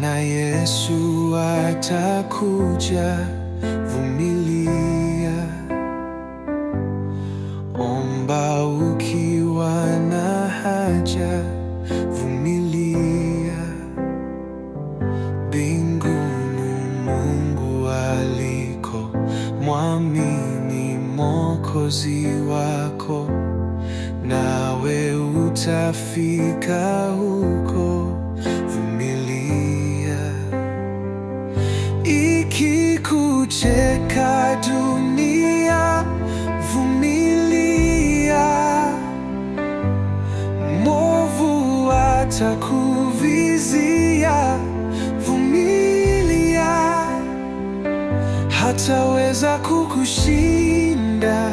Bwana Yesu atakuja, vumilia. Omba ukiwa na haja, vumilia. Mbinguni Mungu aliko, mwamini Mwokozi wako, nawe utafika huko. kucheka dunia, vumilia, mwovu atakuvizia, vumilia, hataweza kukushinda.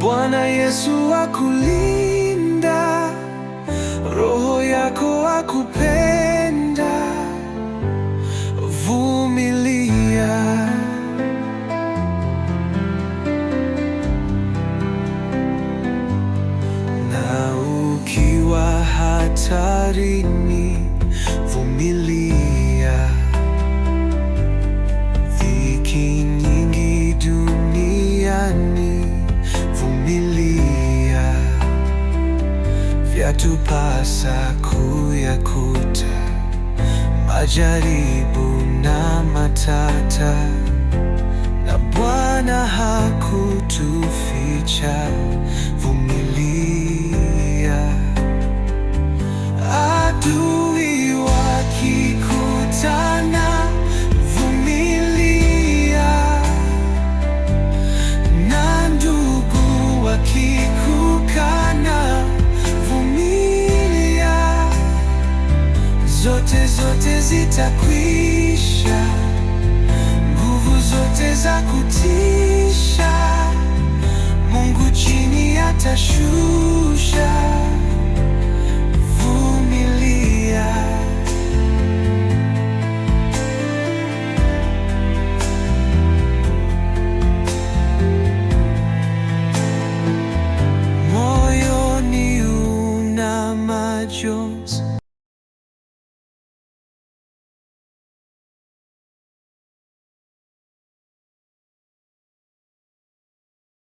Bwana Yesu akulinda, roho yako akupe hatarini, vumilia dhiki nyingi duniani, vumilia vyatupasa kuyakuta majaribu na matata, na Bwana hakutuficha. zote zote zitakwisha, nguvu zote za kutisha Mungu chini atashusha. Vumilia, moyoni una majonzi